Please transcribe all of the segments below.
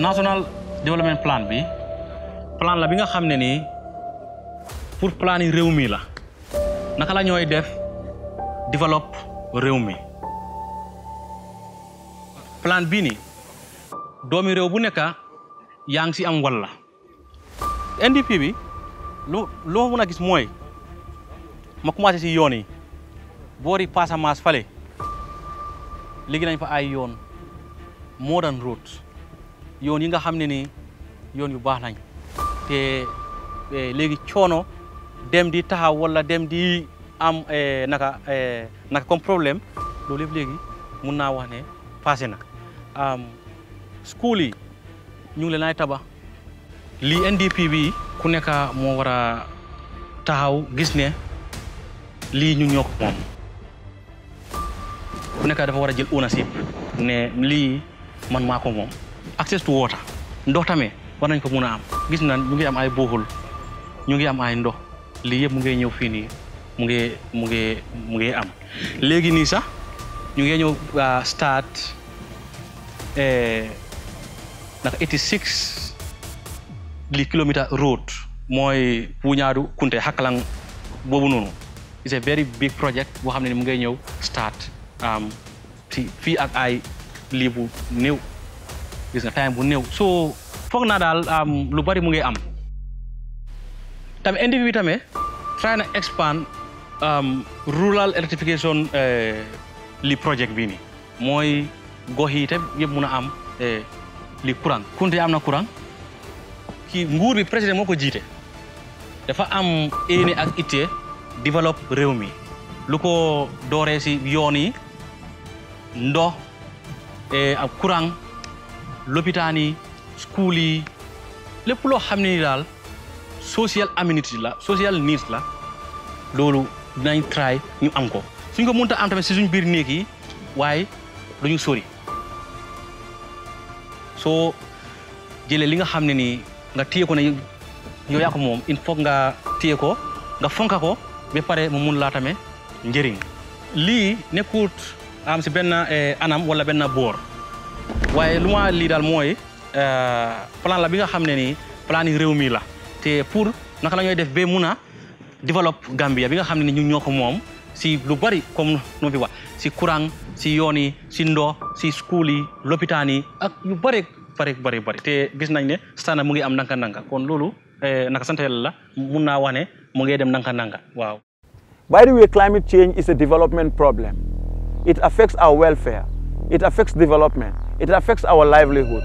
national development plan bi plan la bi nga xamné ni pour plan yi réew mi la naka la ñoy def develop réew mi plan bi ni doomi réew bu nekk yaa ngi si am wala NDP bi lu lo mën a gis moy ma commencé ci yoni yi boori Passamance fale léegi nañ fa ay yoon modern roads yoon yi nga xam ne ni yoon yu baax lañ te e, léegi coono dem di taxaw wala dem di am e, naka e, naka comme problème loolu yëpp léegi mun naa wax ne passé na school yi ñu ngi leen ay tabax lii NDP bi ku nekk moo war a taxaw gis ne lii ñu ñoo ko moom ku nekk dafa war a jël ownership ne lii man maako moom access to water ndox tamit war nañ ko mun a am gis na mu ngi am ay booxul ñu ngi am ay ndox lii yëpp mu ngi ñëw fii nii mu nge mu ngi mu ngi am léegi nii sax ñu ngi ñëw ah, start eh, naka 86 li kilomètre road mooy Wuñaadu Kunte Hakalang boobu noonu it's a very big project boo xam ne ni mu ngi ñëw start am fii ak ay lii bu gis nga time bu néew so foog na daal um, lu bari mu ngi am tamit individu bi tamit try na expand um, rural electrification eh, li project bii nii mooy gox yi itam yëpp mun a am eh, li courant Kunte am na courant ki nguur mi président moo ko jiite dafa am éene ak ittee développe réew mi lu ko dooree si yoon yi ndox eh, ak courant lopitaan yi school yi lépp loo xam ne ni daal social amenities la social needs la loolu dinañ try ñu am ko suñ ko mënta am tamit si suñ biir néegi waaye waaye ñu sori soo jëlee li nga xam ne nii nga téye ko ne yow yaa moom il faut nga téye ko nga fonka ko ba pare mu mun laa tamit njëriñ lii nekkut am si benn eh, anam wala benn boor waye luma li dal moy euh plan la bi nga xamné ni plan yi la té pour nak lañoy def bé muna develop Gambia bi nga xamné ni ñun ñoko mom si lu bari comme no fi wax si courant si yoni si ndoo si school yi l'hôpital yi ak yu bari bari bari bari té gis nañ né standard mu ngi am nanka nanka kon loolu euh, naka sant yàlla la mun wané mu ngi dem nanka nanka waaw. By the way, climate change is a development problem. It affects our welfare. It affects development. It affects our livelihood.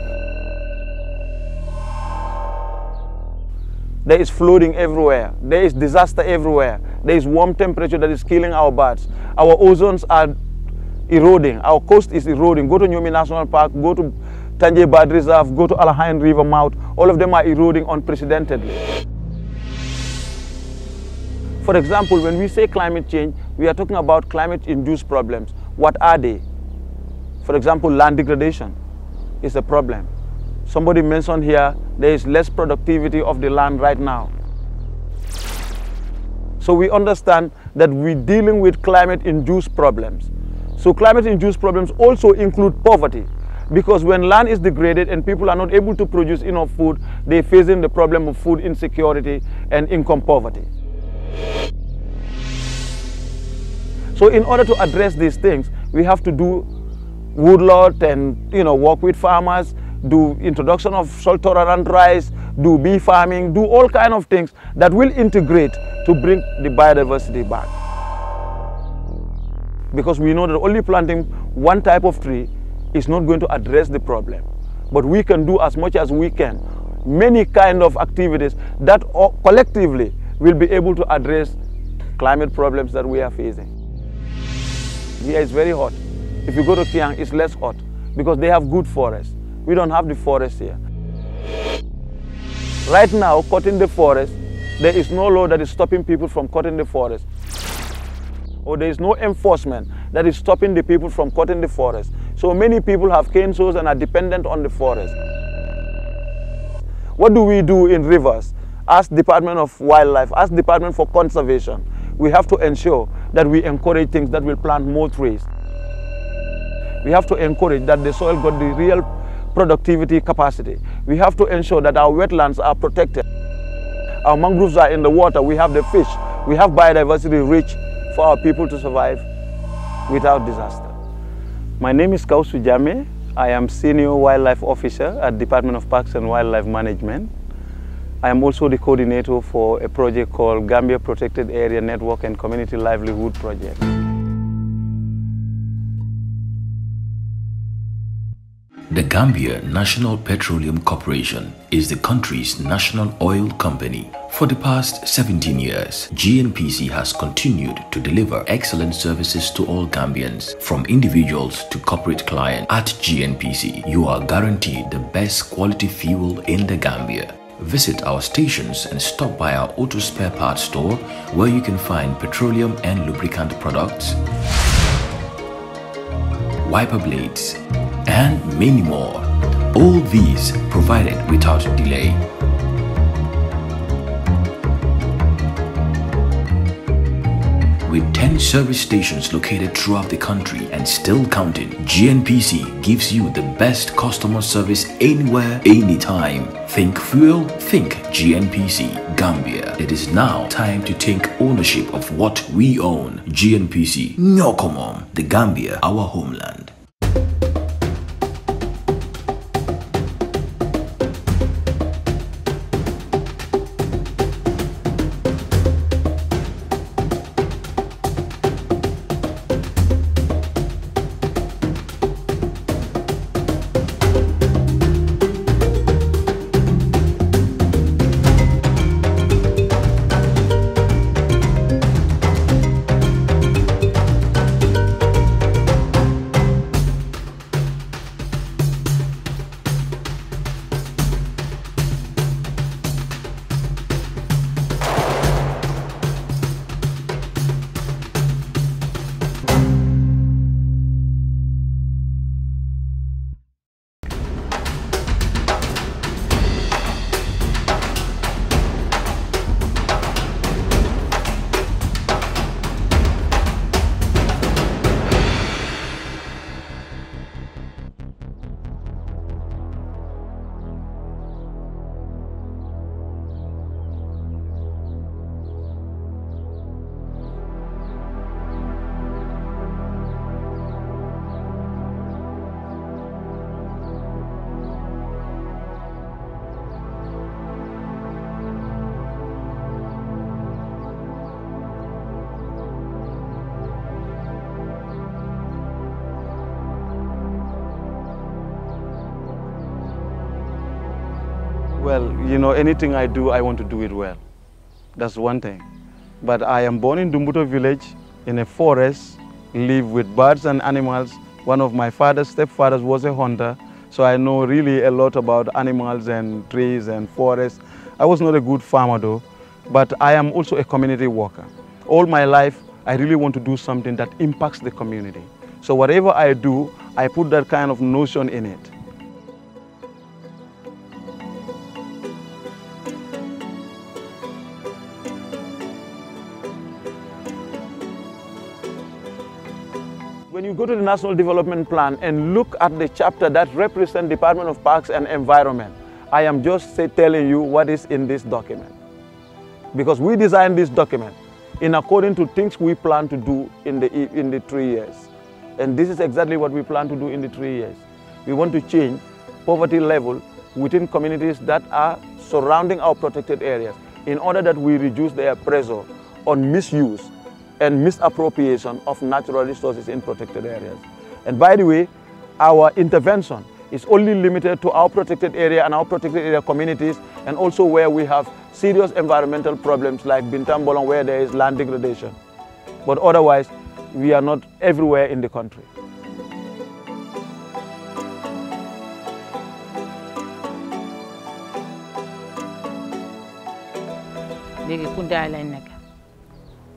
There is flooding everywhere. There is disaster everywhere. There is warm temperature that is killing our birds. Our ozones are eroding. Our coast is eroding. Go to Nyomi National Park, go to Tanje Bird Reserve, go to Alahain River mouth. All of them are eroding unprecedentedly. For example, when we say climate change, we are talking about climate-induced problems. What are they? For example, land degradation is a problem. Somebody mentioned here there is less productivity of the land right now. So we understand that we're dealing with climate-induced problems. So climate-induced problems also include poverty because when land is degraded and people are not able to produce enough food, they're facing the problem of food insecurity and income poverty. So in order to address these things, we have to do woodlot and you know work with farmers do introduction of salt tolerant rice do bee farming do all kind of things that will integrate to bring the biodiversity back because we know that only planting one type of tree is not going to address the problem but we can do as much as we can many kind of activities that collectively will be able to address climate problems that we are facing. Here it's very hot. If you go to Kiang, it's less hot because they have good forest. We don't have the forest here. Right now, cutting the forest, there is no law that is stopping people from cutting the forest. Or there is no enforcement that is stopping the people from cutting the forest. So many people have cane saws and are dependent on the forest. What do we do in rivers? As Department of Wildlife, as Department for Conservation, we have to ensure that we encourage things that will plant more trees. We have to encourage that the soil got the real productivity capacity. We have to ensure that our wetlands are protected. Our mangroves are in the water, we have the fish, we have biodiversity rich for our people to survive without disaster. My name is Kausu Jame. I am Senior Wildlife Officer at Department of Parks and Wildlife Management. I am also the coordinator for a project called Gambia Protected Area Network and Community Livelihood Project. The Gambia National Petroleum Corporation is the country's national oil company. For the past 17 years, GNPC has continued to deliver excellent services to all Gambians, from individuals to corporate clients. At GNPC, you are guaranteed the best quality fuel in the Gambia. Visit our stations and stop by our auto spare parts store where you can find petroleum and lubricant products, wiper blades, and many more. All these provided without delay. With 10 service stations located throughout the country and still counting, GNPC gives you the best customer service anywhere, anytime. Think fuel, think GNPC, Gambia. It is now time to take ownership of what we own. GNPC, Nyokomom, the Gambia, our homeland. know, anything I do, I want to do it well. That's one thing. But I am born in Dumbuto village, in a forest, live with birds and animals. One of my father's stepfathers was a hunter, so I know really a lot about animals and trees and forests. I was not a good farmer though, but I am also a community worker. All my life, I really want to do something that impacts the community. So whatever I do, I put that kind of notion in it. you go to the National Development Plan and look at the chapter that represents Department of Parks and Environment, I am just say, telling you what is in this document. Because we designed this document in according to things we plan to do in the, in the three years. And this is exactly what we plan to do in the three years. We want to change poverty level within communities that are surrounding our protected areas in order that we reduce their pressure on misuse and misappropriation of natural resources in protected areas. And by the way, our intervention is only limited to our protected area and our protected area communities and also where we have serious environmental problems like Bintambolong where there is land degradation. But otherwise, we are not everywhere in the country.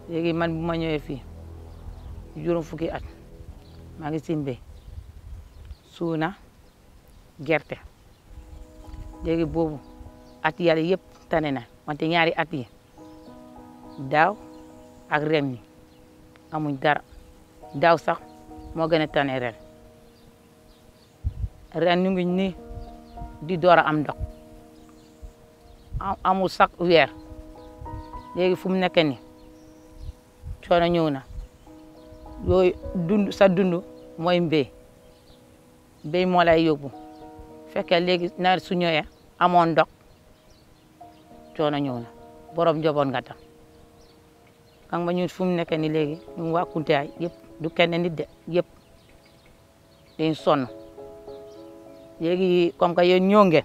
légui man buma ñëwé fi juroom fukki at ma ngi simbe suuna gerte légui bobu at yalla yépp tané na wante ñaari at yi daw ak ren ni amuñ dara daw sax mo gëna tané tane ren ñu ngi ni di doora am ndox amu sax weer légui fu mu nekk ni coono ñëw na yooyu dund sa dund mooy mbéy mbéy moo lay yóbbu fekkee léegi na su ñëwee amoon ndox coono ñëw na borom njaboot nga tam xam nga ñun fu nekk ni léegi ñun waa Kuntaay yëpp du kenn nit de yëpp dañ sonn léegi comme que yéen ñoo ngeen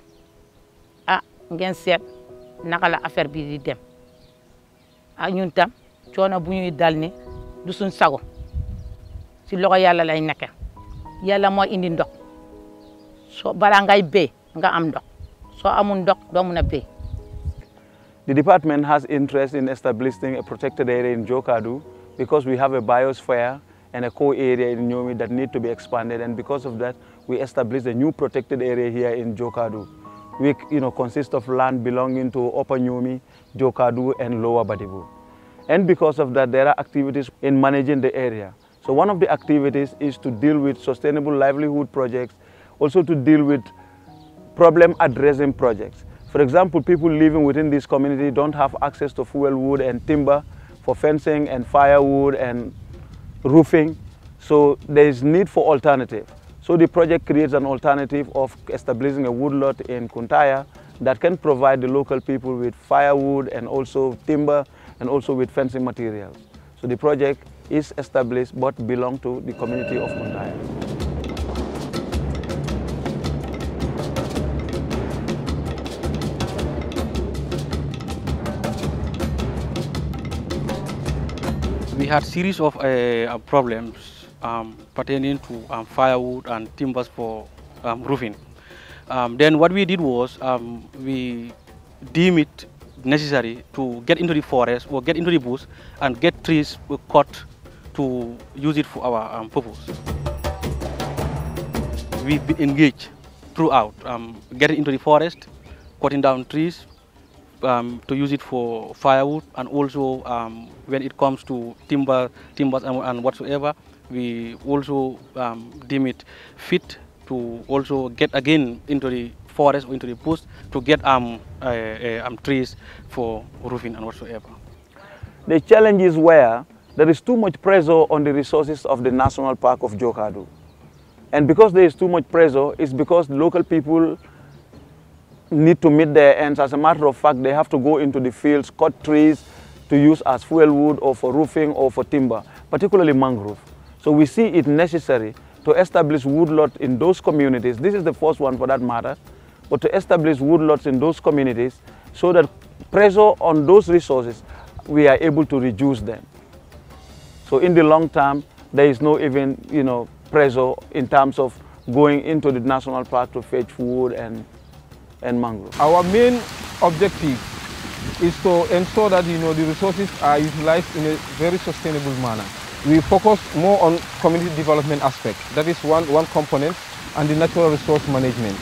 ah ngeen seet naka la affaire bi di dem ah ñun tam bu ñuy dal ni du suñ sago si loxo yàlla lay yàlla indi ndox soo balaa ngay nga am ndox soo amul ndox doo mun a The department has interest in establishing a protected area in Jokadu because we have a biosphere and a core area in Nyomi that need to be expanded and because of that we established a new protected area here in Jokadu which you know consists of land belonging to Upper Nyomi, Jokadu and Lower Badibu. And because of that, there are activities in managing the area. So one of the activities is to deal with sustainable livelihood projects, also to deal with problem addressing projects. For example, people living within this community don't have access to fuel wood and timber for fencing and firewood and roofing. So there is need for alternative. So the project creates an alternative of establishing a woodlot in Kuntaya that can provide the local people with firewood and also timber and also with fencing materials. So the project is established but belong to the community of Kundaya. we had series of uh, uh, problems um, pertaining to um, firewood and timbers for um, roofing. Um, then what we did was um, we deem it necessary to get into the forest or get into the bush and get trees cut to use it for our um, purpose. We've been engaged throughout, um, getting into the forest, cutting down trees um, to use it for firewood, and also um, when it comes to timber, timbers and, and whatsoever, we also um, deem it fit to also get again into the forest or into the bush to get um, uh, uh, um, trees for roofing and whatsoever. The challenge is where there is too much pressure on the resources of the National Park of Jokadu. And because there is too much pressure, it's because local people need to meet their ends. As a matter of fact, they have to go into the fields, cut trees to use as fuel wood or for roofing or for timber, particularly mangrove. So we see it necessary to establish woodlot in those communities. This is the first one for that matter but to establish woodlots in those communities so that pressure on those resources, we are able to reduce them. So in the long term, there is no even, you know, pressure in terms of going into the national park to fetch wood and, and mangrove. Our main objective is to ensure that, you know, the resources are utilized in a very sustainable manner. We focus more on community development aspect. That is one, one component and the natural resource management.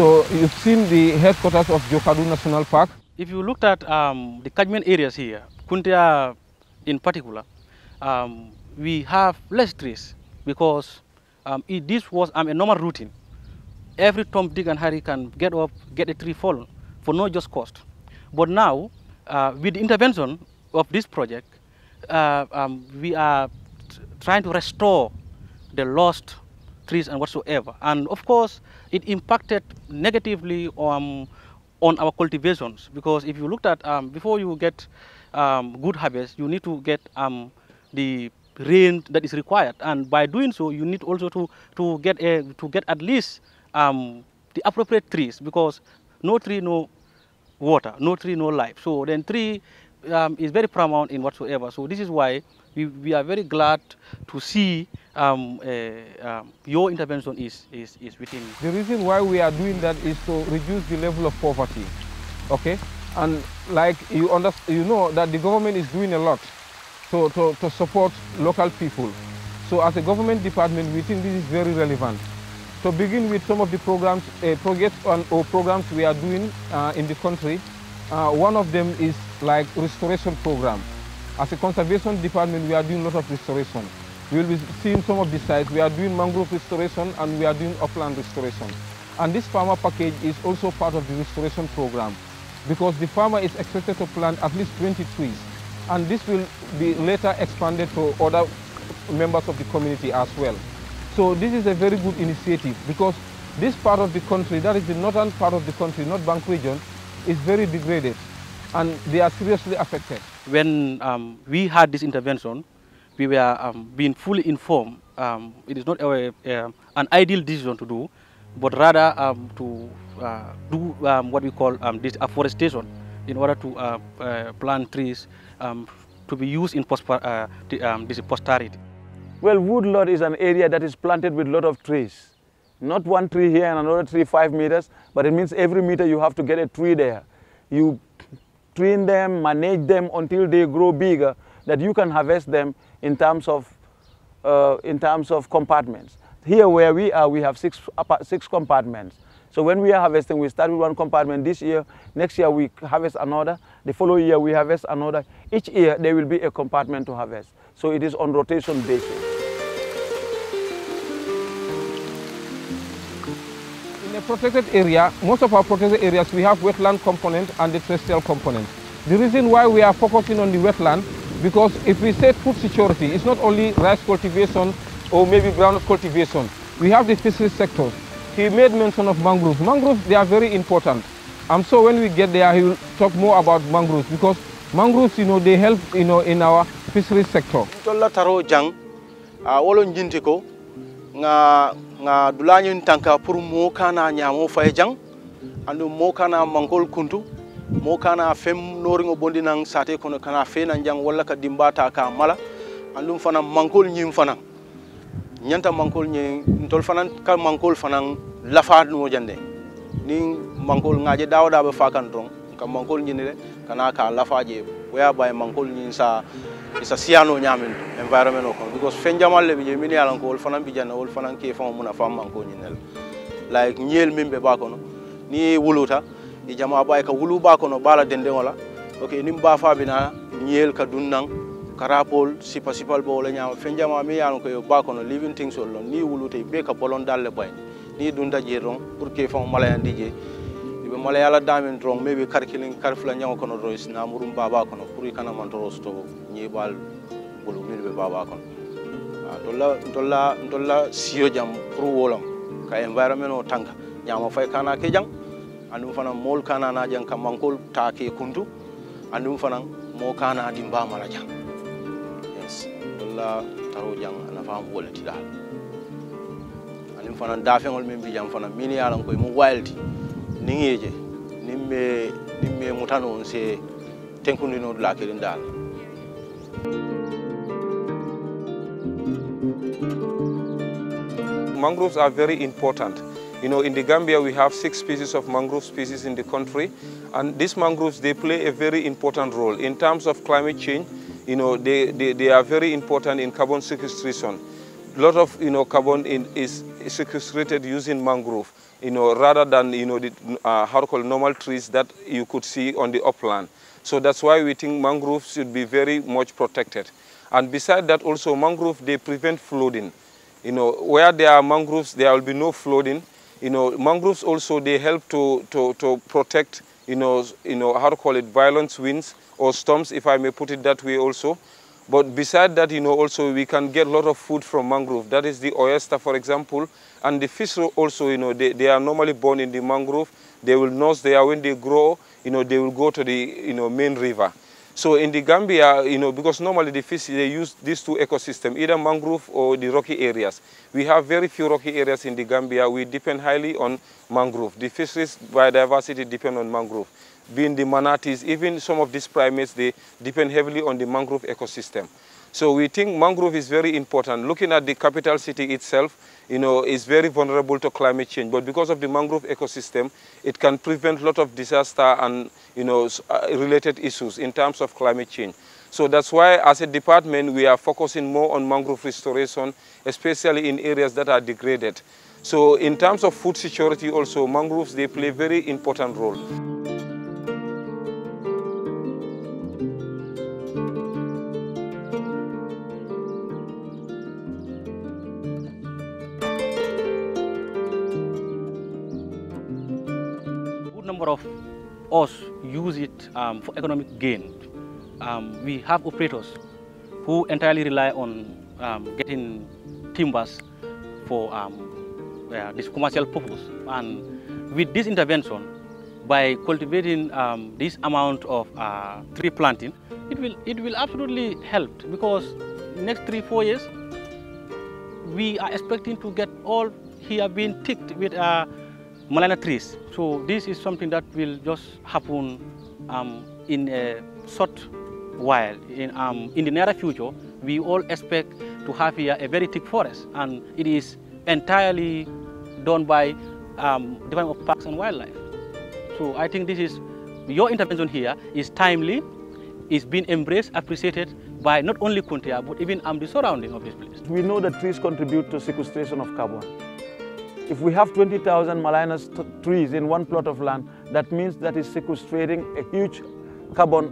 So you've seen the headquarters of Jokadu National Park. If you looked at um, the catchment areas here, Kuntia in particular, um, we have less trees because um, it, this was um, a normal routine. Every Tom, Dick and Harry can get up, get a tree fallen for no just cost. But now, uh, with the intervention of this project, uh, um, we are trying to restore the lost trees and whatsoever. And of course, it impacted negatively on, um, on our cultivations because if you looked at um, before you get um, good harvest, you need to get um, the rain that is required, and by doing so, you need also to to get a, to get at least um, the appropriate trees because no tree, no water, no tree, no life. So then tree um, is very paramount in whatsoever. So this is why we, we are very glad to see um, uh, um, your intervention is, is, is within. The reason why we are doing that is to reduce the level of poverty, okay? And like you, under, you know that the government is doing a lot to, to, to support local people. So as a government department, we think this is very relevant. To begin with some of the programs, uh, projects on, or programs we are doing uh, in the country, uh, one of them is like restoration program. As a conservation department, we are doing a lot of restoration. We will be seeing some of the sites. We are doing mangrove restoration and we are doing upland restoration. And this farmer package is also part of the restoration program because the farmer is expected to plant at least 20 trees. And this will be later expanded to other members of the community as well. So this is a very good initiative because this part of the country, that is the northern part of the country, not Bank region, is very degraded and they are seriously affected when um, we had this intervention, we were um, being fully informed. Um, it is not a, a, an ideal decision to do, but rather um, to uh, do um, what we call this um, afforestation in order to uh, uh, plant trees to be used in post uh, this posterity. Well, woodlot is an area that is planted with a lot of trees. Not one tree here and another tree five meters, but it means every meter you have to get a tree there. You train them, manage them until they grow bigger, that you can harvest them in terms of, uh, in terms of compartments. Here where we are, we have six, six compartments. So when we are harvesting, we start with one compartment this year, next year we harvest another, the following year we harvest another. Each year there will be a compartment to harvest. So it is on rotation basis. protected area, most of our protected areas, we have wetland component and the terrestrial component. The reason why we are focusing on the wetland, because if we say food security, it's not only rice cultivation or maybe ground cultivation. We have the fisheries sector. He made mention of mangroves. Mangroves, they are very important. I'm sure so when we get there, he will talk more about mangroves because mangroves, you know, they help, you know, in our fisheries sector. nga dulañin tanka pour mo kana ñamo fay e jang andu mo kana mangol kuntu mo kana fem noriŋo bondi nang sate kono kana fe nan jang walla ka dimbata ka mala andum fana mankol ñiŋ fana ñanta mankol ñiŋ ntol fana ka mankol fanaŋ lafa nuwo jande ni mankol ŋaje dawo daa be fa ka mangol ñini le kana ka lafa je waya bay mangol mankol sa isa siyano ñamin environnement o kono because fen le ɓe je min yalan ko wol fanan mbijanna wol fanan ke fama muna ko ñinnel like ñeel min ɓe ba no ni wuluta e jama ɓay ka wulu ba kono ɓala wala ok nin ba na ñeel ka dunnan karapol rapol sipa sipal bo wala ñama fen jama mi yalan koyo ba no living things ol lon ni wuluta be ka bolon dalle boy ni dunta jeer ton pour ke fama malayandi je ɓe malayala damin dron maybe kar kilin kar fula nyango kono dron na murum baba kono kana man kana mantoro soto bal bolu mil ɓe baba kono ah, dolla dolla dolla siyo jam pour wolam ka environment o tanka nyama fay kana ke jang andum fana mol kana na jang kam mankol ta ke kuntu andum fana mo kana di mala jang yes dolla taro jang ana fam wolati dal andum fana dafengol min bi jam fana min yalan koy mu wildi Mangroves are very important. You know, in the Gambia, we have six species of mangrove species in the country, and these mangroves, they play a very important role. In terms of climate change, you know, they, they, they are very important in carbon sequestration. A lot of, you know, carbon in, is sequestrated using mangrove you know, rather than, you know, the uh, how normal trees that you could see on the upland. So that's why we think mangroves should be very much protected. And beside that also, mangroves they prevent flooding. You know, where there are mangroves, there will be no flooding. You know, mangroves also, they help to, to, to protect, you know, you know, how to call it, violent winds or storms, if I may put it that way also. But beside that, you know, also we can get a lot of food from mangrove. That is the oyster, for example. And the fish also, you know, they, they are normally born in the mangrove. They will nurse there. When they grow, you know, they will go to the, you know, main river. So in the Gambia, you know, because normally the fish, they use these two ecosystems, either mangrove or the rocky areas. We have very few rocky areas in the Gambia. We depend highly on mangrove. The fisheries biodiversity depend on mangrove being the manatees, even some of these primates, they depend heavily on the mangrove ecosystem. So we think mangrove is very important. Looking at the capital city itself, you know, is very vulnerable to climate change. But because of the mangrove ecosystem, it can prevent a lot of disaster and, you know, uh, related issues in terms of climate change. So that's why as a department, we are focusing more on mangrove restoration, especially in areas that are degraded. So in terms of food security also, mangroves, they play a very important role. us use it um, for economic gain. Um, we have operators who entirely rely on um, getting timbers for uh, this commercial purpose. And with this intervention, by cultivating um, this amount of uh, tree planting, it will, it will absolutely help because next three, four years, we are expecting to get all here being ticked with uh, Malana trees. So this is something that will just happen um, in a short while. In, um, in the near future, we all expect to have here a very thick forest, and it is entirely done by um, Department of Parks and Wildlife. So I think this is, your intervention here is timely, it's been embraced, appreciated by not only Kuntia, but even um, the surrounding of this place. We know that trees contribute to sequestration of carbon. If we have 20,000 Malinus trees in one plot of land, that means that is sequestrating a huge carbon,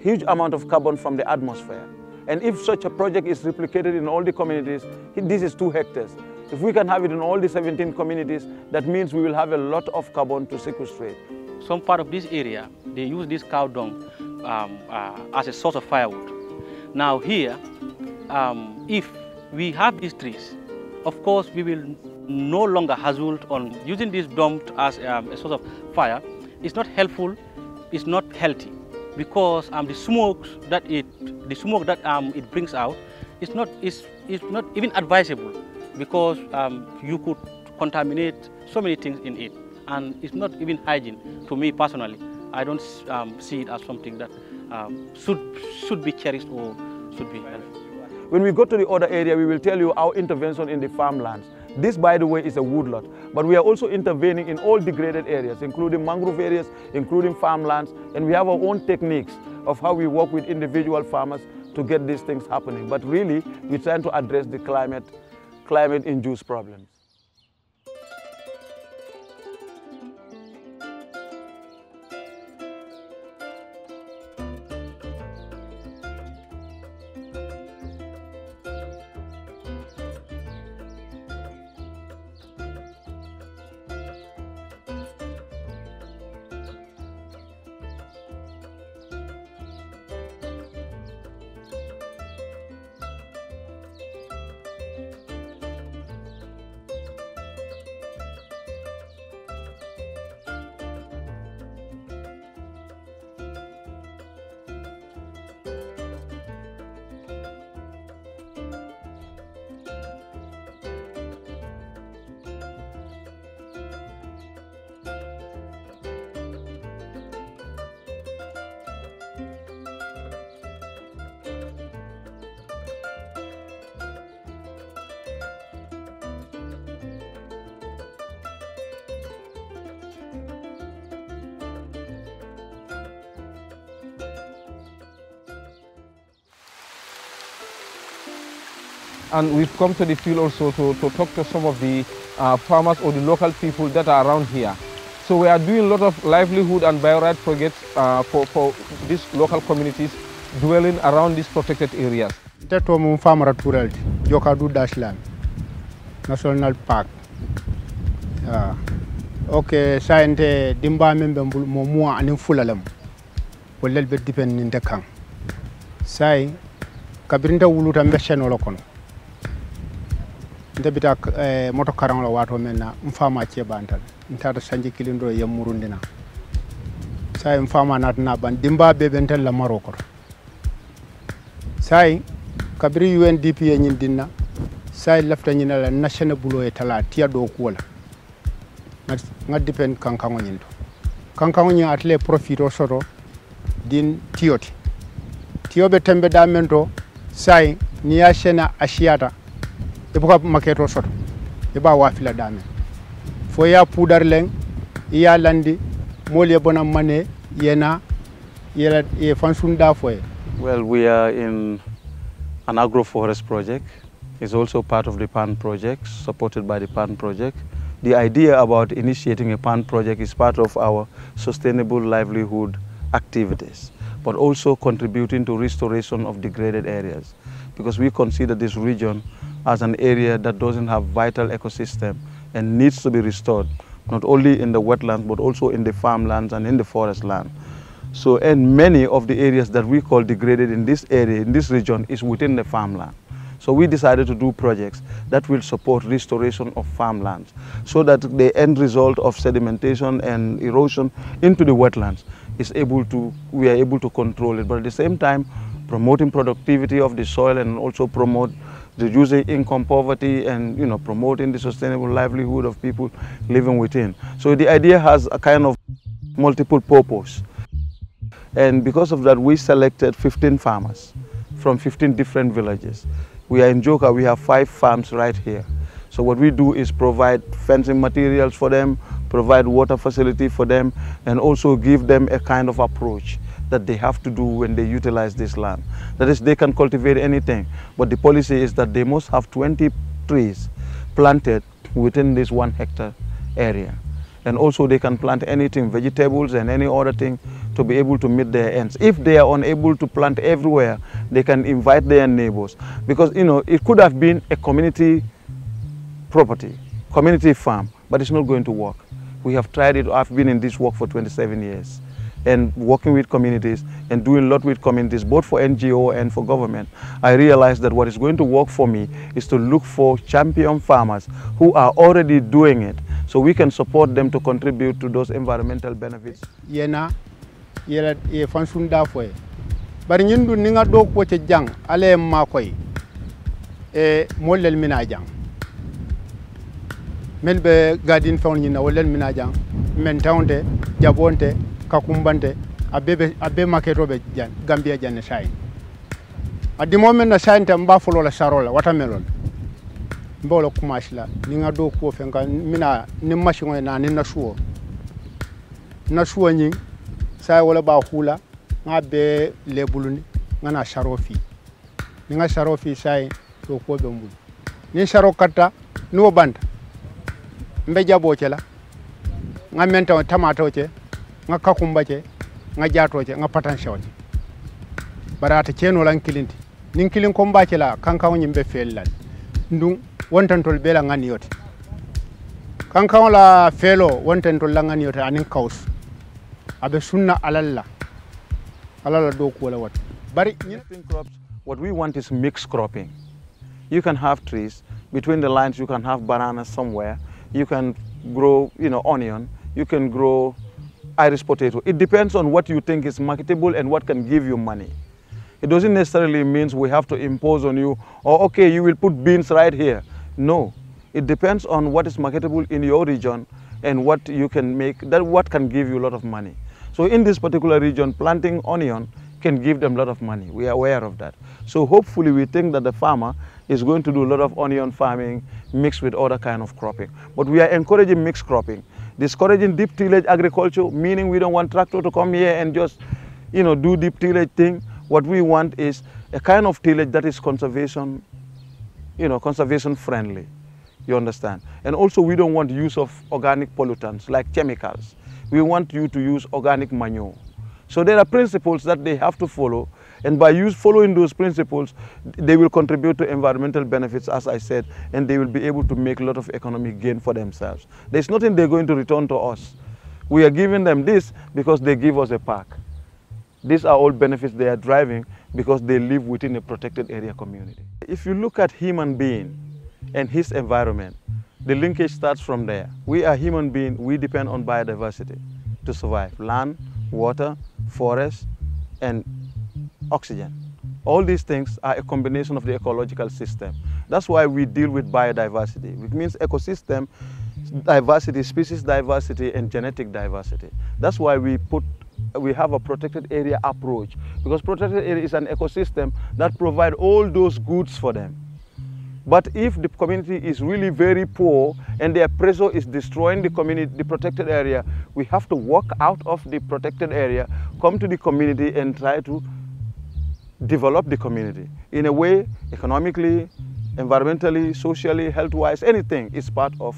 huge amount of carbon from the atmosphere. And if such a project is replicated in all the communities, this is two hectares. If we can have it in all the 17 communities, that means we will have a lot of carbon to sequestrate. Some part of this area, they use this cow dung um, uh, as a source of firewood. Now here, um, if we have these trees, of course we will no longer hassled on using this dump as um, a source of fire is not helpful, it's not healthy because um, the smoke that it the smoke that um, it brings out is not is is not even advisable because um, you could contaminate so many things in it and it's not even hygiene to me personally I don't um, see it as something that um, should should be cherished or should be helpful. When we go to the other area we will tell you our intervention in the farmlands this, by the way, is a woodlot, but we are also intervening in all degraded areas, including mangrove areas, including farmlands, and we have our own techniques of how we work with individual farmers to get these things happening. But really, we're trying to address the climate, climate-induced problems. and we've come to the field also to, to talk to some of the uh, farmers or the local people that are around here. So we are doing a lot of livelihood and biorite projects uh, for, for these local communities dwelling around these protected areas. Teto mun farmer tural Jokadu Dashland National Park. Uh, okay, science dimba men ben mo muwa anin fulalem. Wallel be dependin de kan. Sai kabirinta wuluta mbeshenolo kono. ndebita eh, moto karaŋola wato meŋ na n faama cee bantal n taata sanji kiliŋ do ye murundina sayi n faama naata naa ban dimba bee be ntel la maroo koto sayi kabiri undp ye ñiŋ dinna sayi lafita ñina la nasene buloo ye tala tiya doo kuwo la ŋa dipen kankaŋo ñiŋ to kankaŋo ñiŋ ate le profitoo soto din tioti ti tiyo be tembe da men to sayi niŋ ye a a siyata maketo e ba fo ya leng landi mol ye bona mane yena yela fansun da fo well we are in an agroforest project is also part of the PAN project, supported by the PAN project. The idea about initiating a PAN project is part of our sustainable livelihood activities, but also contributing to restoration of degraded areas, because we consider this region as an area that doesn't have vital ecosystem and needs to be restored, not only in the wetlands, but also in the farmlands and in the forest land. So, and many of the areas that we call degraded in this area, in this region, is within the farmland. So we decided to do projects that will support restoration of farmlands so that the end result of sedimentation and erosion into the wetlands is able to, we are able to control it. But at the same time, promoting productivity of the soil and also promote reducing income poverty and you know promoting the sustainable livelihood of people living within. So the idea has a kind of multiple purpose. And because of that, we selected 15 farmers from 15 different villages. We are in Joka, we have five farms right here. So what we do is provide fencing materials for them, provide water facility for them, and also give them a kind of approach that they have to do when they utilize this land. That is, they can cultivate anything, but the policy is that they must have 20 trees planted within this one hectare area. And also they can plant anything, vegetables and any other thing to be able to meet their ends. If they are unable to plant everywhere, they can invite their neighbors. Because, you know, it could have been a community property, community farm, but it's not going to work. We have tried it. I've been in this work for 27 years and working with communities and doing a lot with communities, both for NGO and for government, I realized that what is going to work for me is to look for champion farmers who are already doing it so we can support them to contribute to those environmental benefits. Yena, yera e ninga do ko jang ale ma koy. E molel mina jang. Mel be gadin fawn nyina wolel mina jang. Men tawnde jabonte ka kumbante a bɛɛ ma jan gambiya jan ne saa ye a na saa in tɛ n b'a fɔlɔ la sarɔ la wata mɛlɔ la ni n ka ni n ma sɛŋɔ ye naa ni wala b'a hu la n k'a bɛɛ na sarɔ fi ni n ka sarɔ fi saa ye o kuwo bɛ n bolo ni sarɔ n'o banta n bɛ ja b'o cɛ la n nga kakumba ce nga jato ce nga potential ce barata ceno lan kilinti nin kilin ko mbace la kanka wonyi be fellal ndun wontan tol bela ngani yote kanka wala felo wontan tol ngani yote anin kaus abe sunna alalla alalla do ko wala wat bari crops what we want is mixed cropping you can have trees between the lines you can have banana somewhere you can grow you know onion you can grow Irish potato. It depends on what you think is marketable and what can give you money. It doesn't necessarily means we have to impose on you, or oh, okay, you will put beans right here. No, it depends on what is marketable in your region and what you can make, that what can give you a lot of money. So in this particular region, planting onion can give them a lot of money. We are aware of that. So hopefully we think that the farmer is going to do a lot of onion farming mixed with other kind of cropping. But we are encouraging mixed cropping discouraging deep tillage agriculture, meaning we don't want tractor to come here and just, you know, do deep tillage thing. What we want is a kind of tillage that is conservation, you know, conservation friendly. You understand? And also we don't want use of organic pollutants like chemicals. We want you to use organic manure. So there are principles that they have to follow and by use, following those principles, they will contribute to environmental benefits, as I said, and they will be able to make a lot of economic gain for themselves. There's nothing they're going to return to us. We are giving them this because they give us a park. These are all benefits they are driving because they live within a protected area community. If you look at human being and his environment, the linkage starts from there. We are human beings, we depend on biodiversity to survive. Land, water, forest, and oxygen. All these things are a combination of the ecological system. That's why we deal with biodiversity, which means ecosystem diversity, species diversity, and genetic diversity. That's why we put we have a protected area approach because protected area is an ecosystem that provide all those goods for them. But if the community is really very poor and their pressure is destroying the community, the protected area, we have to walk out of the protected area, come to the community and try to develop the community in a way, economically, environmentally, socially, health-wise, anything is part of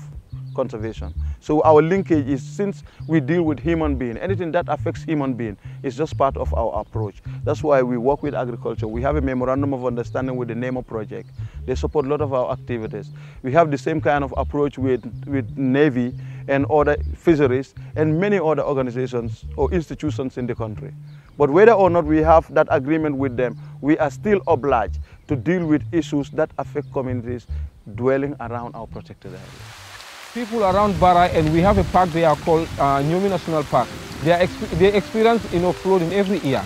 conservation. So our linkage is since we deal with human being, anything that affects human being is just part of our approach. That's why we work with agriculture. We have a memorandum of understanding with the NEMO project. They support a lot of our activities. We have the same kind of approach with, with Navy and other fisheries and many other organizations or institutions in the country. But whether or not we have that agreement with them, we are still obliged to deal with issues that affect communities dwelling around our protected area. People around Barai, and we have a park there called uh, National Park. They, are exp they experience you know, flooding every year.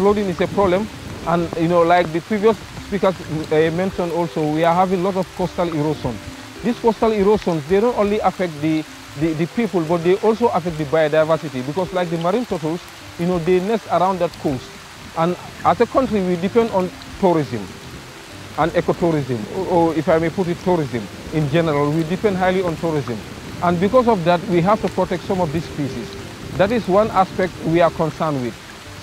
Flooding is a problem and you know, like the previous speakers uh, mentioned also, we are having a lot of coastal erosion. These coastal erosions, they don't only affect the the, the people, but they also affect the biodiversity because like the marine turtles, you know, they nest around that coast. And as a country, we depend on tourism and ecotourism, or if I may put it, tourism in general. We depend highly on tourism. And because of that, we have to protect some of these species. That is one aspect we are concerned with.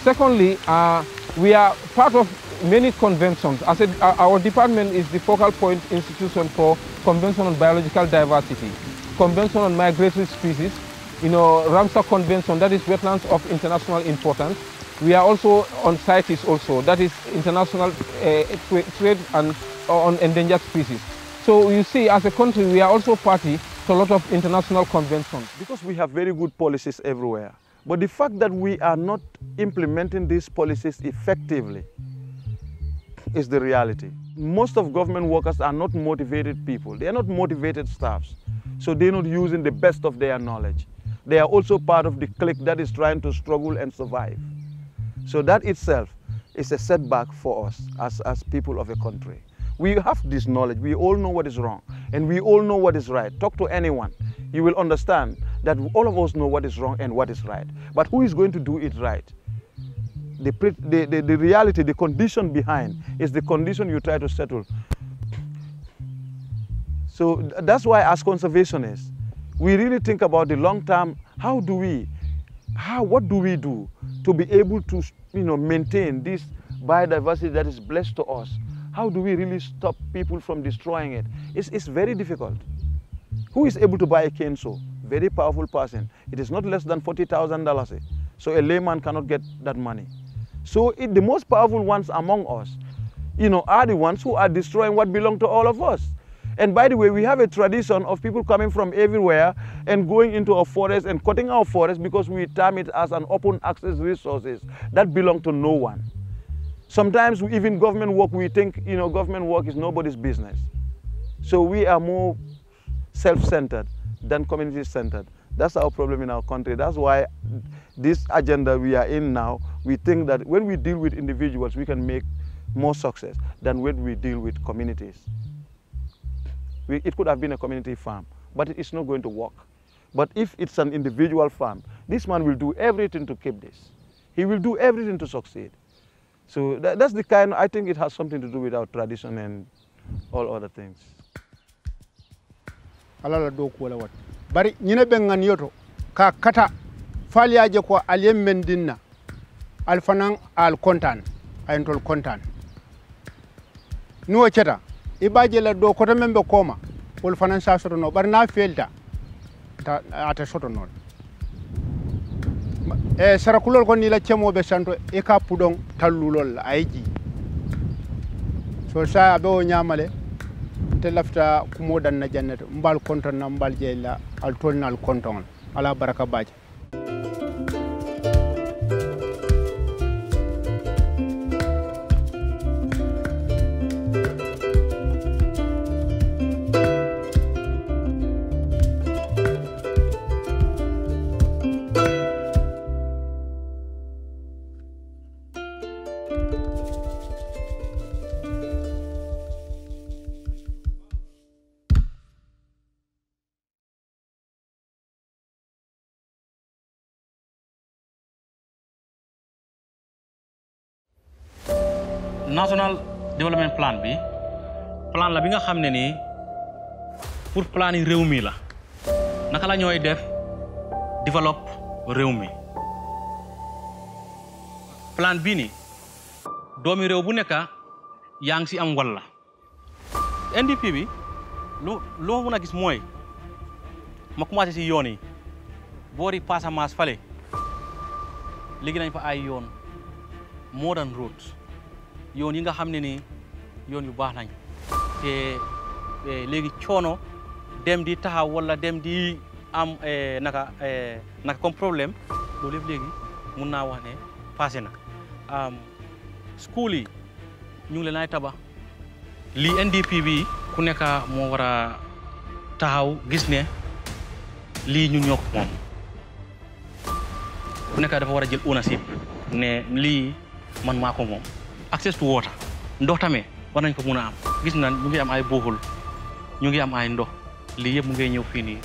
Secondly, uh, we are part of many conventions. As a, uh, our department is the focal point institution for convention on biological diversity. Convention on Migratory Species, you know, Ramsar Convention, that is wetlands of international importance. We are also on CITES also, that is international uh, trade and uh, on endangered species. So you see, as a country, we are also party to a lot of international conventions. Because we have very good policies everywhere. But the fact that we are not implementing these policies effectively is the reality. Most of government workers are not motivated people. They are not motivated staffs. So they're not using the best of their knowledge. They are also part of the clique that is trying to struggle and survive. So that itself is a setback for us as, as people of a country. We have this knowledge. We all know what is wrong and we all know what is right. Talk to anyone. You will understand that all of us know what is wrong and what is right. But who is going to do it right? The, the, the, the reality, the condition behind is the condition you try to settle so that's why as conservationists, we really think about the long term, how do we, how, what do we do to be able to you know, maintain this biodiversity that is blessed to us? How do we really stop people from destroying it? It's, it's very difficult. Who is able to buy a cane saw? Very powerful person. It is not less than $40,000. Eh? So a layman cannot get that money. So it, the most powerful ones among us, you know, are the ones who are destroying what belongs to all of us. And by the way, we have a tradition of people coming from everywhere and going into our forest and cutting our forest because we term it as an open access resources that belong to no one. Sometimes even government work, we think, you know, government work is nobody's business. So we are more self-centered than community-centered. That's our problem in our country. That's why this agenda we are in now, we think that when we deal with individuals, we can make more success than when we deal with communities. We, it could have been a community farm, but it's not going to work. But if it's an individual farm, this man will do everything to keep this. He will do everything to succeed. So that, that's the kind, I think it has something to do with our tradition and all other things. alala wat bari ñine ɓen yoto ka kata faaliyaje aliyen men dinna al kontan, ayentol contane ni wo ibaje eh, la dow koto men ɓe kooma wol fanan sa sotono ɓarna felda ata soto noon e sarakulol la ila cemoɓe santo e ka puɗon tallulol ayji so sa aɓe o ñamale nte lafita kumoɗan na jannete mbal konton na mbal jeyla al tolnal konton ala baraka baje national development plan bi plan la bi nga xamné ni pour plan yi réew la naka la ñoy def develop réew plan bi ni doomi réew bu nekk yaang ci si am wala NDP bi lu lo mën gis moy ma commencé si yoni bori passamas falé ligi nañ fa ay yoon modern route yoon yi nga xam ne ni yoon yu baax nañ te eh, léegi coono dem di taxaw wala dem di am eh, naka eh, naka comme problème loolu yëpp léegi mun naa wax ne passé na school yi ñu ngi leen ay tabax lii NDP bi ku nekk moo war a taxaw gis ne lii ñu ñoo ko moom ku nekk dafa war a jël ownership ne lii man maako ko moom access to water ndox tamé, war nañ ko mun a am gis na ñu ngi am ay buuxul ñu ngi am ay ndox lii yëpp mu ngi ñëw fii nii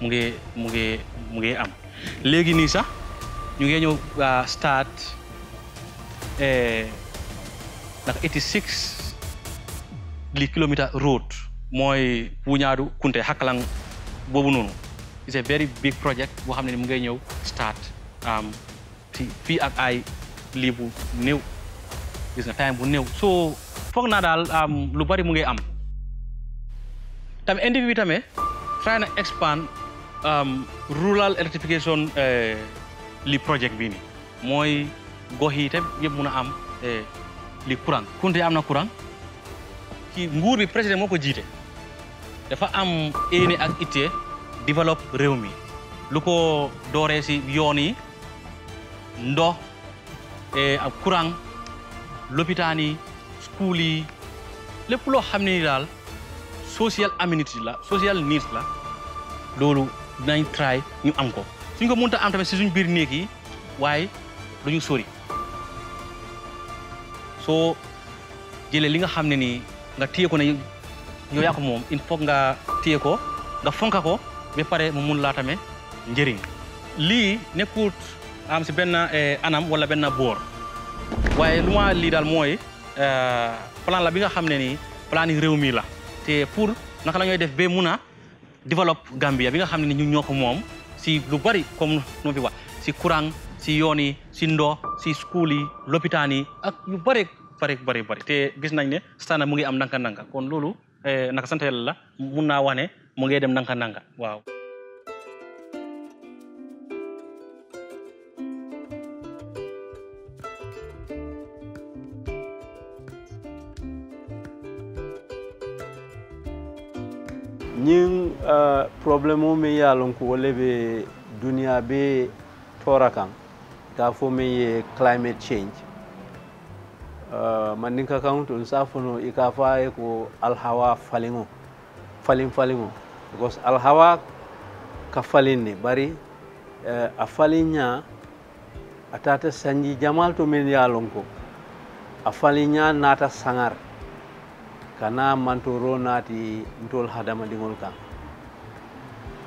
mu ngi mu ngi mu ngi am léegi nii sax ñu ngi ñëw uh, start eh, ndax 86 li kilometer road moy Bunyadu Kunte Hakalang boobu noonu it's a very big project boo xam ne mu ngi ñëw start um, fii ak ay lii bu néew gis time bu néew so foog na daal lu bari mu ngi am tamit individu tamit try na expand um, rural electrification eh, li project bii nii mooy gox yi yëpp mun am eh, li courant kunte am na courant ci nguur mi président moo ko jiite dafa am éene ak ittee développe réew mi lu ko dooree si yoon yi ndox eh, ak courant lopitaan yi school yi lépp loo xam ne ni daal social amenities la social needs la loolu nañ try ñu am ko suñ ko mënta am tamit si suñ biir néeg waaye du ñu sori soo jëlee li nga xam ne nii nga téye ko ne yow moom il faut nga téye ko nga fonka ko ba pare mu mun laa tamit njëriñ lii nekkut am si benn eh, anam wala benn boor waye luma li dal moy euh plan la bi nga xamné ni plan yi mi la té pour naka lañoy def bé muna develop développe Gambia bi nga xamné ni ñun ñoko mom si lu bari comme no fi wa si courant si yoni, yi si ndox si school yi l'hôpital yi ak yu bari bari bari bari té gis nañ né stana mu ngi am nanka nanka kon euh naka santé yàlla la mun wané mu ngi dem nanka nanka waaw ñiŋ uh, eh, problemu me ye a loŋ ko wo le be duniyaa be toora kaŋ ka fo miŋ ye climate change uh, ka kaŋo to nsa fono i ye ko alhawa faliŋo faliŋ faliŋo because alhawa ka falin ne bari uh, a faliŋ ñaa a taata sanji jamal to men ye a ko a faliŋ ñaa naata saŋar kana mantoro naati ntol hadamadiŋol kan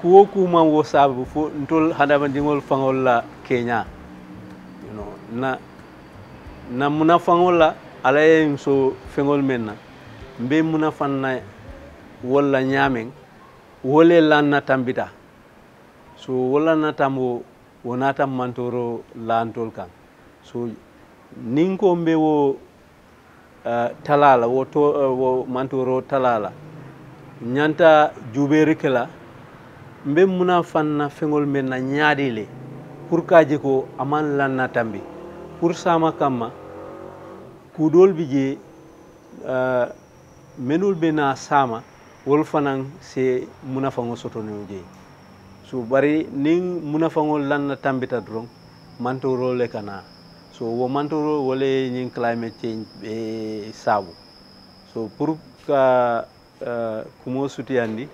kuwo kuman wo sababu fo ntol hadamadiŋol faŋol la keña you know, na na munafaŋol la ala ye so feŋol men na mbe munafaŋ na wolla ñameŋ wo le lan na tambita so wolla na tambo wo naata mantoro lantol kan so niŋ ko mbe wo talala wo to eh, wo mantoro talala ñanta juuɓeeri kela mbe muna fanna feŋol men na ñaaɗi le pour kaaje ko aman lanna tambi pour sama kamma kuuɗol bi je eh, menol ɓe na sama wol fanan se munafaŋo sotono jeyi so bari niŋ munafaŋol lanna tambita doron mantorole kana so wo mantoro wala ñing climate change be sabu so pour ka uh, kumo sutiyandi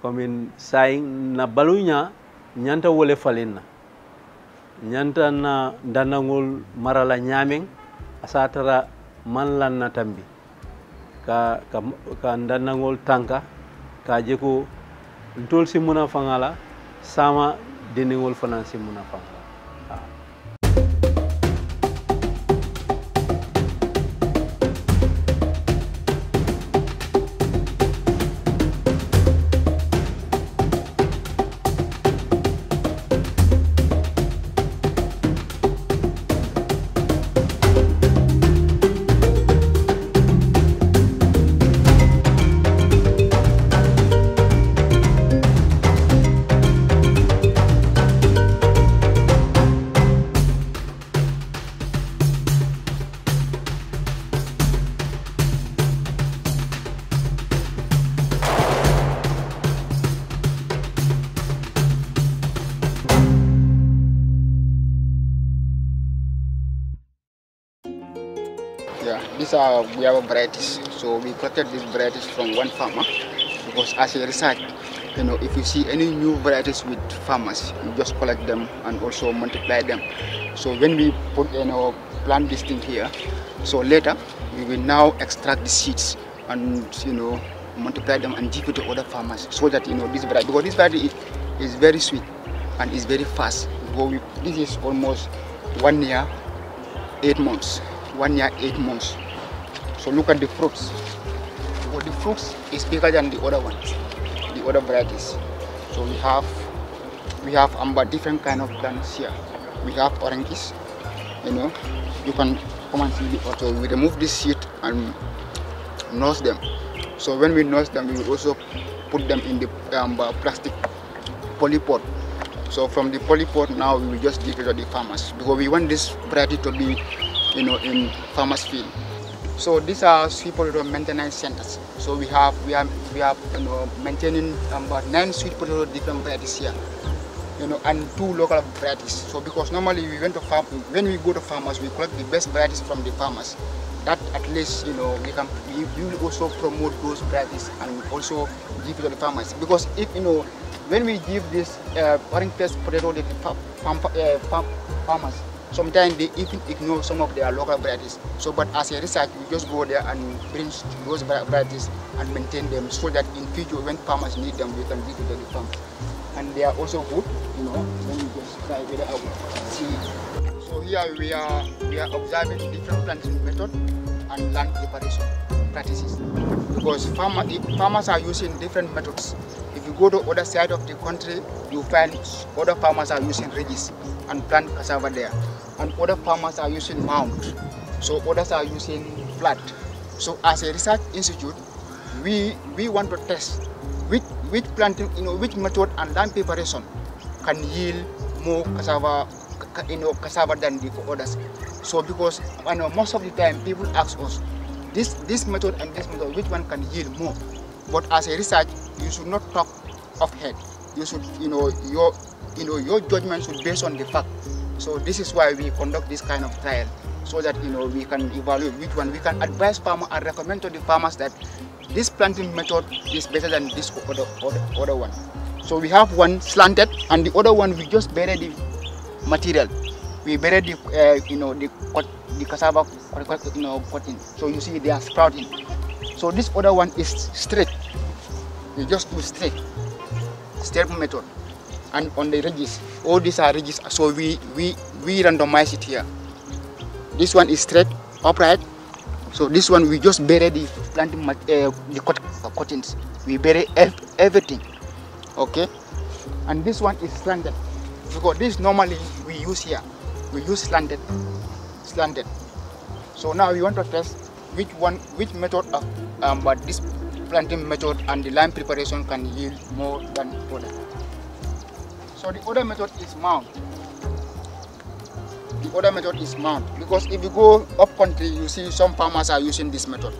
komin sai na balunya nyanta wole falinna nyanta na danangol marala ñaameng asatara man lan na tambi ka ka, ka danangol tanka ka jeko ntol si muna fangala sama diningol fanan si muna fangala we have varieties. So we collected these varieties from one farmer because as a research, you know, if you see any new varieties with farmers, you just collect them and also multiply them. So when we put, you know, plant this thing here, so later we will now extract the seeds and, you know, multiply them and give it to other farmers so that, you know, this variety, because this variety is very sweet and is very fast. This is almost one year, eight months. One year, eight months. So look at the fruits. the fruits is bigger than the other ones, the other varieties. So we have we have amber, different kind of plants here. We have oranges, you know. You can come and see the so we remove this seed and nurse them. So when we nurse them, we will also put them in the um, plastic polypod. So from the polypod now we will just give it to the farmers because we want this variety to be you know in farmers field. So these are sweet potato maintenance centers. So we have we are we are you know, maintaining about nine sweet potato different varieties here. You know, and two local varieties. So because normally we went to farm when we go to farmers, we collect the best varieties from the farmers. That at least you know we can we, we will also promote those varieties and also give it to the farmers. Because if you know when we give this uh, test potato to the farm, farm, uh, farm, farmers, Sometimes they even ignore some of their local varieties. So, but as a research, we just go there and bring those varieties and maintain them so that in future, when farmers need them, we can give them to the farm. And they are also good, you know, when you just try very out, see. So here we are, we are observing different planting method and land preparation practices because farmer, farmers are using different methods. If you go to other side of the country, you find other farmers are using ridges and plant cassava there and other farmers are using mound. So others are using flat. So as a research institute, we, we want to test which, which planting, you know, which method and land preparation can yield more cassava, you know, cassava than the others. So because you know, most of the time people ask us, this, this method and this method, which one can yield more? But as a research, you should not talk off head. You should, you know, your, you know, your judgment should based on the fact so this is why we conduct this kind of trial, so that you know we can evaluate which one we can advise farmer and recommend to the farmers that this planting method is better than this other, other, other one. So we have one slanted and the other one we just buried the material. We buried the, uh, you know, the, the cassava you know, cutting. So you see they are sprouting. So this other one is straight. You just do straight, straight method and on the ridges. All these are ridges, so we, we, we randomize it here. This one is straight, upright. So this one, we just bury the planting, uh, the cuttings. Uh, we bury everything, okay? And this one is slanted, because this normally we use here. We use slanted, slanted. So now we want to test which one, which method of um, but this planting method and the lime preparation can yield more than product. So the other method is mount. The other method is mount because if you go up country, you see some farmers are using this method,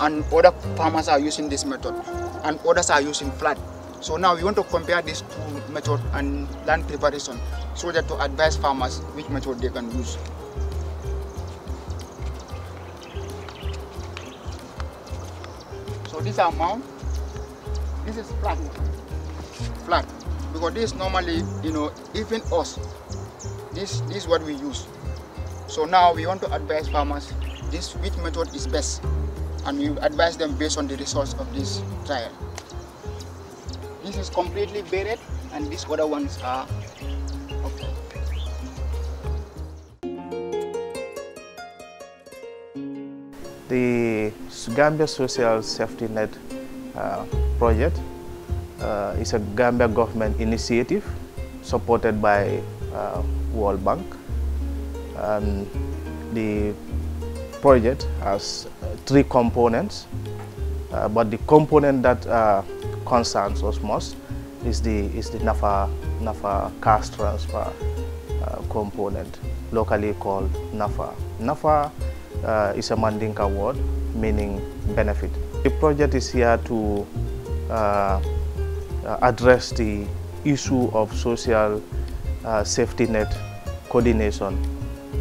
and other farmers are using this method, and others are using flat. So now we want to compare these two methods and land preparation so that to advise farmers which method they can use. So these are mount, this is flat, flat because this normally, you know, even us, this, this is what we use. So now we want to advise farmers this which method is best and we advise them based on the results of this trial. This is completely buried and these other ones are The Gambia Social Safety Net uh, project uh, is a Gambia government initiative supported by uh, World Bank. And the project has uh, three components, uh, but the component that uh, concerns us most is the is the NAFA NAFA cash transfer uh, component, locally called NAFA. NAFA is a Mandinka word meaning benefit. The project is here to uh, uh, address the issue of social uh, safety net coordination,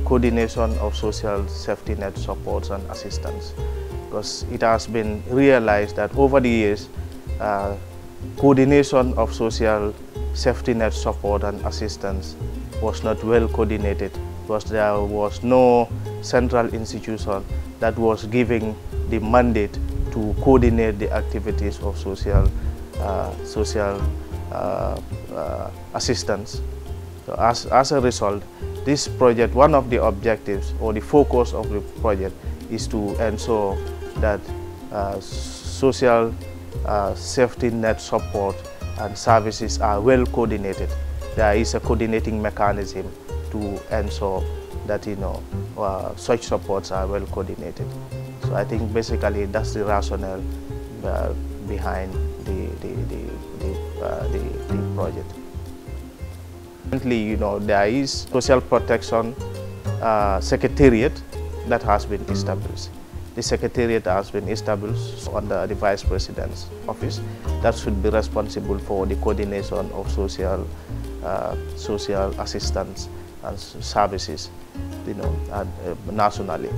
coordination of social safety net supports and assistance. Because it has been realized that over the years, uh, coordination of social safety net support and assistance was not well coordinated because there was no central institution that was giving the mandate to coordinate the activities of social uh, social uh, uh, assistance. So as, as a result, this project, one of the objectives or the focus of the project is to ensure that uh, social uh, safety net support and services are well coordinated. There is a coordinating mechanism to ensure that you know uh, such supports are well coordinated. So I think basically that's the rationale behind the, the, the, the, uh, the, the project. Currently, you know, there is social protection uh, secretariat that has been established. The secretariat has been established under the vice president's office. That should be responsible for the coordination of social, uh, social assistance and services, you know, uh, nationally.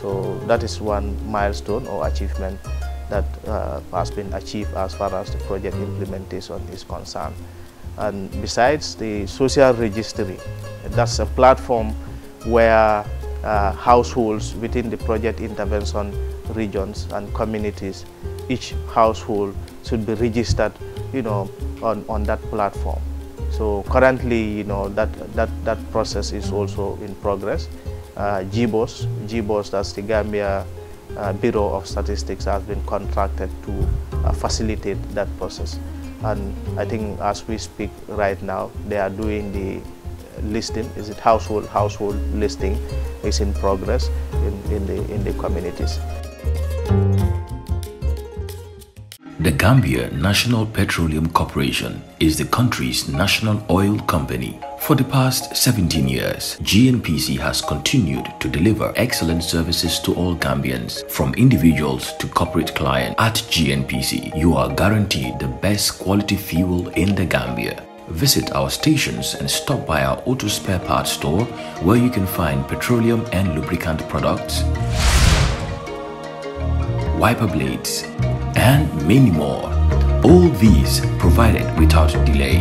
So that is one milestone or achievement that uh, has been achieved as far as the project implementation is concerned. And besides the social registry, that's a platform where uh, households within the project intervention regions and communities, each household should be registered, you know, on, on that platform. So currently, you know, that, that, that process is also in progress. Uh, GBOS, GBOS, that's the Gambia uh, Bureau of Statistics has been contracted to uh, facilitate that process. And I think as we speak right now, they are doing the listing. Is it household? Household listing is in progress in, in, the, in the communities. The Gambia National Petroleum Corporation is the country's national oil company. For the past 17 years, GNPC has continued to deliver excellent services to all Gambians, from individuals to corporate clients. At GNPC, you are guaranteed the best quality fuel in the Gambia. Visit our stations and stop by our auto spare parts store where you can find petroleum and lubricant products, wiper blades, and many more. All these provided without delay.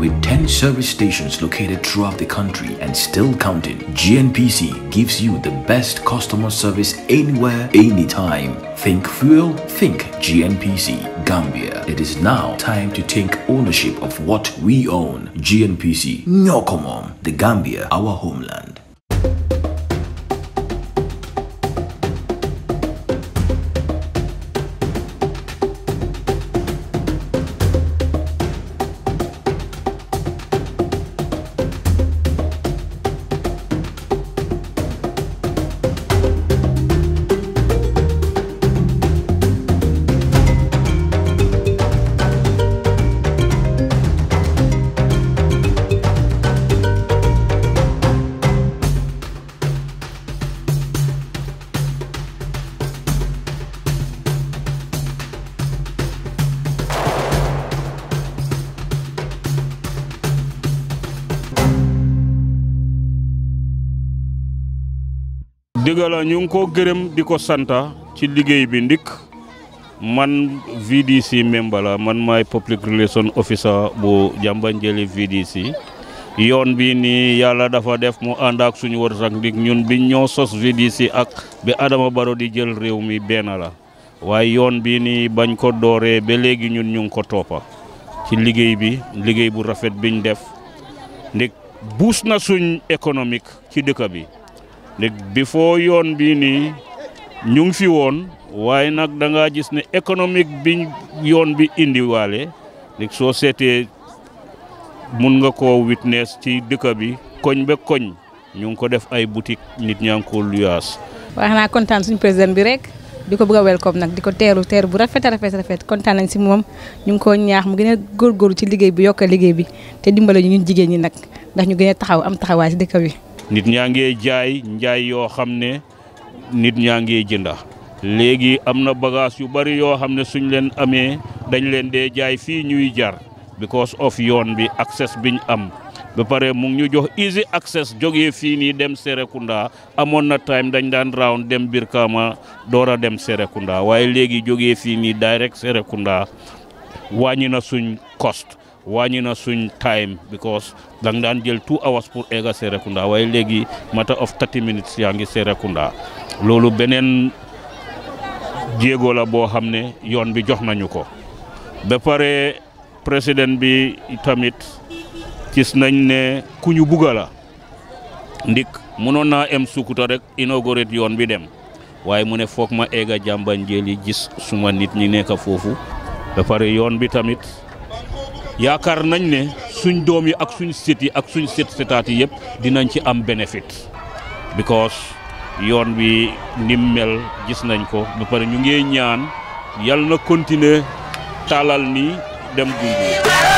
With 10 service stations located throughout the country and still counting, GNPC gives you the best customer service anywhere, anytime. Think fuel, think GNPC, Gambia. It is now time to take ownership of what we own. GNPC, Nyokomom, the Gambia, our homeland. ñu ngi ko gërëm di ko santa ci liggéey bi ndik man VDC member la man maay public relation officer bu Jambanjelly VDC yoon bi nii yàlla dafa def moo ànd ak suñu wërsëg ndik ñun bi ñoo sos VDC ak bi Adama Barrow di jël réew mi benn la waaye yoon bi nii bañ ko dooree ba léegi ñun ñu ngi ko toppa ci liggéey bi liggéey bu rafet biñ def ndik buus na suñ économique ci dëkk bi léegi bi foo yoon bii nii ñu ngi fi woon waaye nag da ngaa gis ne économique bi yoon bi indiwaale léegi soo seetee mun nga koo witness ci dëkk bi koñ ba koñ ñu ngi ko def ay boutique nit ñaa ngi ko luyaas. waaw xanaa kontaan suñu président bi rek. di ko bëgg a welcome nag di ko teeru teeru bu rafet a rafet kontaan nañ si moom ñu ngi ko ñaax mu gën a góorgóorlu ci liggéey bi yokk liggéey bi te dimbale ñu ñun jigéen ñi nag ndax ñu gën a taxaw am taxawaay si dëkk bi. nit ñaa ngee jaay njaay yoo xam ne nit ñaa ngee jënda léegi am na bagage yu bari yoo xam ne suñ leen amee dañ leen dee jaay fii ñuy jar because of yoon bi access biñ am bapare pare mu ñu jox easy access jógee fii nii dem Serekunda amoon na time dañ daan round dem Birkama door a dem Serekunda waaye léegi jógee fii nii direct Serekunda wàññi suñ cost wàññi na suñ time because dang daan jël two hours pour egg Serekunda waaye léegi matter of 30 minutes yaa ngi Serekunda loolu beneen jéego la boo xam ne yoon bi jox nañu ko ba pare président bi tamit gis nañ ne kuñu ñu la ndik mënoon naa em Sukuta rek inauguré yoon bi dem waaye mu ne foog ma egg a Jàmbanjeeli gis suma nit ñi nekk foofu ba yoon bi tamit yaakaar nañ ne suñ doom yi ak suñ set yi ak suñ set sëtaat yi yëpp dinañ ci am bénéfice because yoon wi nim mel gis nañ ko ba pare ñu ngi ñaan yal na continuer taalal ni dem gunge.